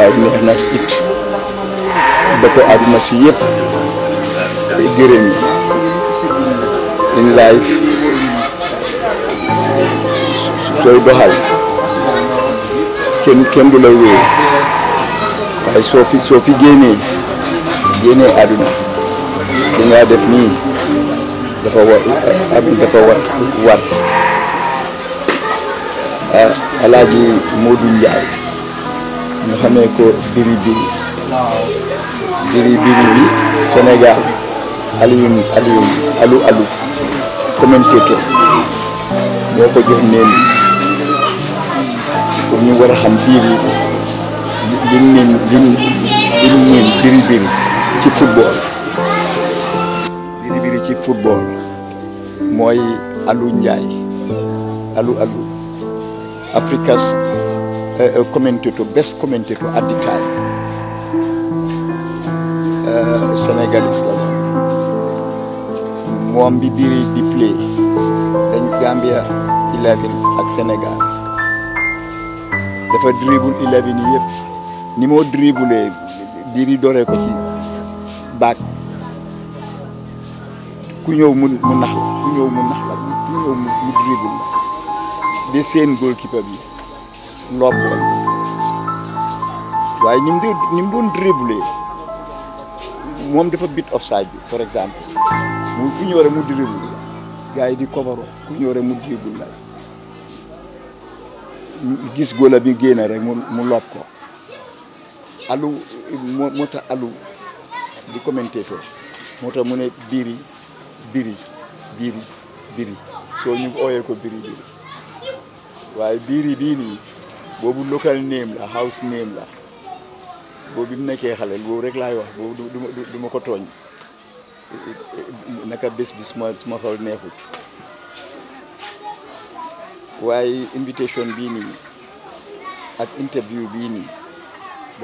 waaye neex na it ba ko àdduna si yëpp gërëm yi in life sooy doxal kenn kenn du lay wéy waaye soo fi soo fi génnee génnee àdduna li nga def nii dafa war àdduna dafa war war ah, alaaji ñu xamee ko biri biri biri alu alu commentateur moo ko jox neen ñu war a xam biri li biri ci football biri biri ci football mooy alu njaay alu alu Africa Eh, eh, communauté to best communauté to at the time eh, sénégalais la moom bi dañ Gambia 11 ak Sénégal dafa dribble 11 yi yëpp ni moo dribble biiri doree ko ci baag ku ñëw mu mu nax la ku ñëw mu nax la ku mu dribble la seen goalkeeper bi lob woon waaye ni mu doon ni mu moom dafa bit offside bi por exemple mu ku ñëw rek mu dribble gars yi di kobaro ku ñëw mu dribble la gis góola bi génn rek mu mu lob ko alu moo moo tax alu di commentateur moo tax biri biri biri biri soo ñu ooyee ko biri biri waaye biiri bii boobu local name la house name la boobu bi mu nekkee xale boobu rek laay wax boobu du du ma ko tooñ naka bés bi suma suma xol neexut waaye invitation bii nii ak interview bii nii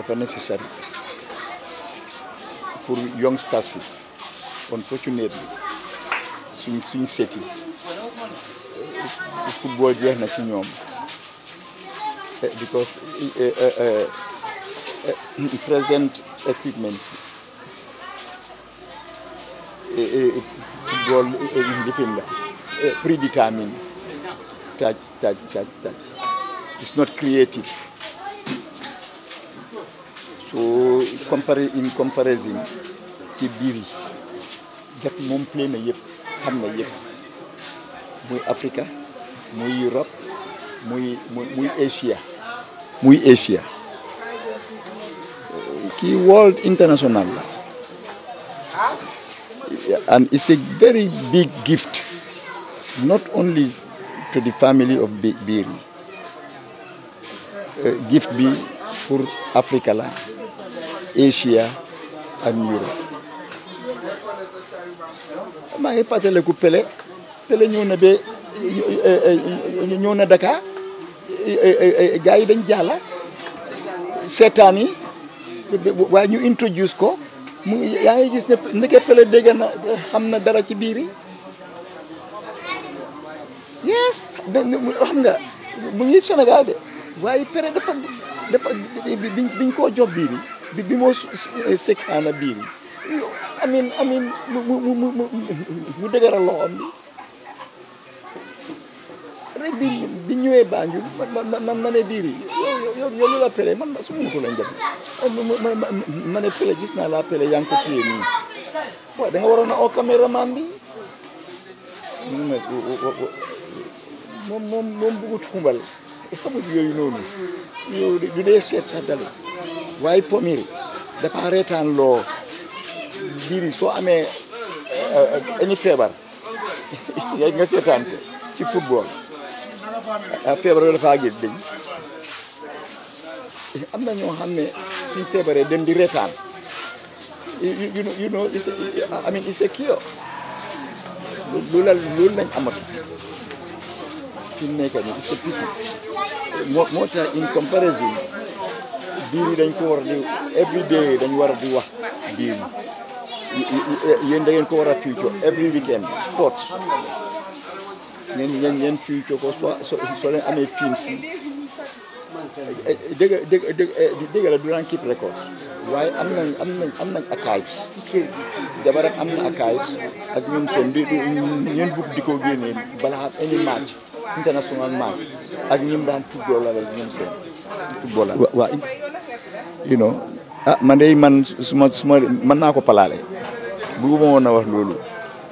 dafa nécessaire pour youngsters yi unfortunately suñ suñ seti football jeex na ci ñoom Eh, because eh, eh, present equipments football in predetermined touch touch touch touch it's not creative so in comparison ci biir yi gat moom plé na yëpp xam Africa muy Europe muy muy muy Asia muy Asia kii world international la and it's a very big gift not only to the family of Biri uh, gift bi pour Africa la Asia ak Europe maa ngi fàttaliku Pele Pele ñëw na ba ñëw na Dakar gars yi dañ jàlla seetaan yi waaye ñu introduce ko mu yaa ngi gis ne ndeke Pelé dégg na xam na dara ci biir yi yes nga mu ngi Sénégal de waaye Pelé dafa dafa biñ koo jox biir yi bi moo sekkaana biir yi amin amin mu mu mu mu dëgëral rek bi bi ñëwee Banjul ma ma ma ma ne diir yi yow yow lu la man su ma oh, gis naa laa pele yaa ngi ko téye nii waaw da nga waroon a oo caméraman bi mu moom moom moom bëggut xumbal xamut yooyu noonu du dee seet sax dala waaye pomir dafa reetaan loo diir soo amee euh, euh, añu feebar nga seetaan ci football ah feebar yooyu dafaa gis am na ñoo xam ne feebaree dem di reetaan you know I mean it's a cure la loolu lañ amatu fi mu nekk nii it's a moo moo tax in comparison biir yi dañ ko war a di every day dañ war a di wax biir yi yéen da ngeen ko war a future every weekend sports ngeen ngeen ngeen fii co ko soo soo leen amee film si dëgg la du daan keep waaye am nañ am nañ am nañ akaaj kër gi am na akaaj ak ñoom seen bi ñeen bugg di ko génnee balaa any match international ak ñim daan football la ñoom seen football la waa you ah man day man suma suma mën naa ko palaale bugguma woon na wax loolu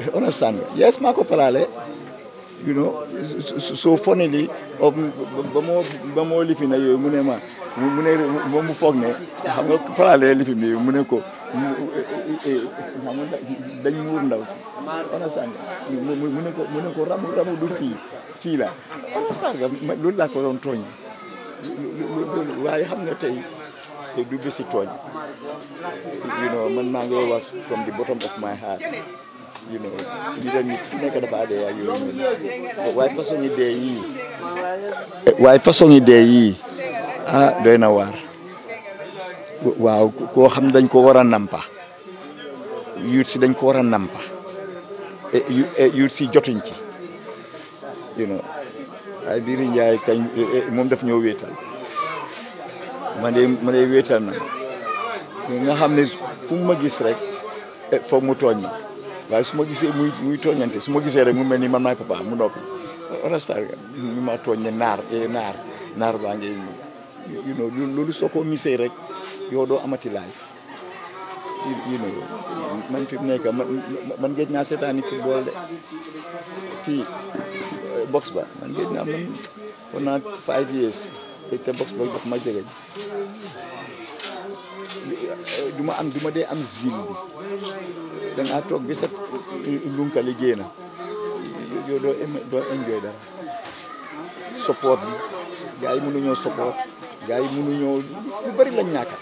eh, understand maa ko palaale you know so funnily ba moo ba moo lifi na yooyu mu ne ma mu ne mu foog ne xam nga parallèle lifi bi mu ne ko xam nga dañ muur ndaw si understand mu ne mu ne ko ramu ramu du fii fii la understand nga loolu laa ko doon tooñi waaye xam nga tey du bési tooñ you know man maa ngi wax from the bottom of my heart you know nitam yi ku noonu waaye façon yi dee yii waaye façon yi dee yii ah doy na waar waaw koo xam dañ ko war a nampa yuut si dañ ko war a nampa e, e, yuut si jotuñ ci you know waaye Biri Njaay kañ e, moom daf ñoo wéetal ma de ma na nga xam ne fu ma gis rek foog mu tooñ ma waaye su ma gisee muy tooñante su ma gisee rek mu mel ni man maay papa mu noppi orastar mi ma tooñ ne naar e naar naar baa ngay you know loolu soo ko misee rek yow doo amati life man fi mu nekk man man naa seetaani football de fii box ba man géej naa man five years te box ba daf ma jege du ma am du dee am zil bi dangaa toog bi sa lunkali génn yow doo doo enjoy dara support bi yi mënuñoo support gars yi mënuñoo lu bari lañ ñàkka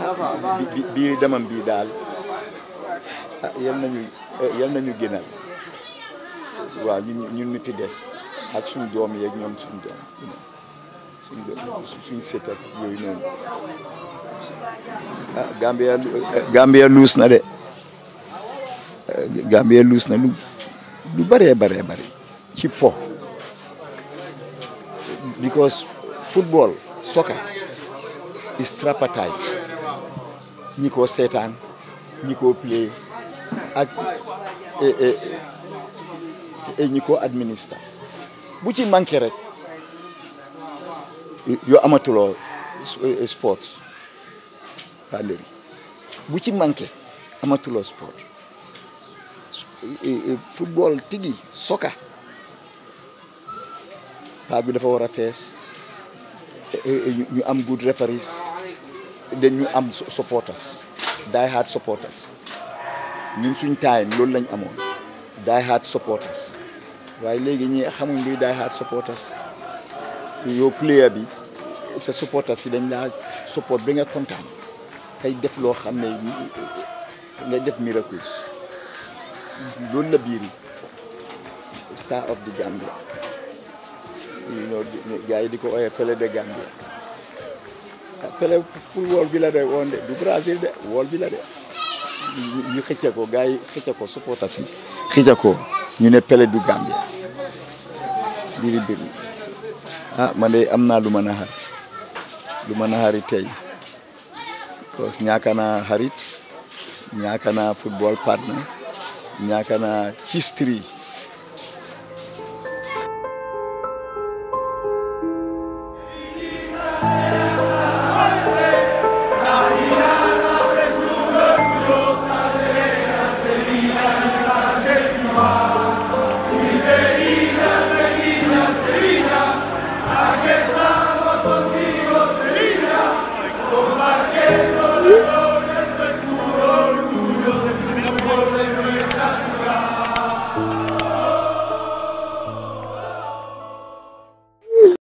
ah bii demam daal ah yal nañu eh, yal waaw ñun ñu fi des ak suñ doom yeeg ñoom suñ doom suñ doom yooyu noonu ah Gambia eh, Gambia luus na de eh, Gambia luus na lu lu bëree bëree bëri ci po because football soccer is trapattage ñi ko seetaan ñi ko play ak et eh, ñi bu ci manqué rek yoo amatuloo sports cavalerie bu ci manqué amatuloo sport football tigi soka paa bi dafa war a fees ñu am good referees dañ ñu am supporters die hard supporters ñun suñ time loolu lañ amoon die hard supporters waaye léegi ñi xamuñ luy die hard supporters yow player bi sa supporters si dañ laa support bi nga kontaan kay def loo xam ne ngay def miracle loolu la biir star of the Gambia gars yi di ko ooyee Pelé de Gambia ah, Pelé ful wool bi la de woon de du Brésil de wool bi la de ñu xëcce ko gars yi xëcce ko supporter si xëcce ko ñu ne Pelé du Gambia biri biri ah man de am naa lu ma naxar lu ma naxari tey because ñaakana harit ñaakana football partner ñaakana history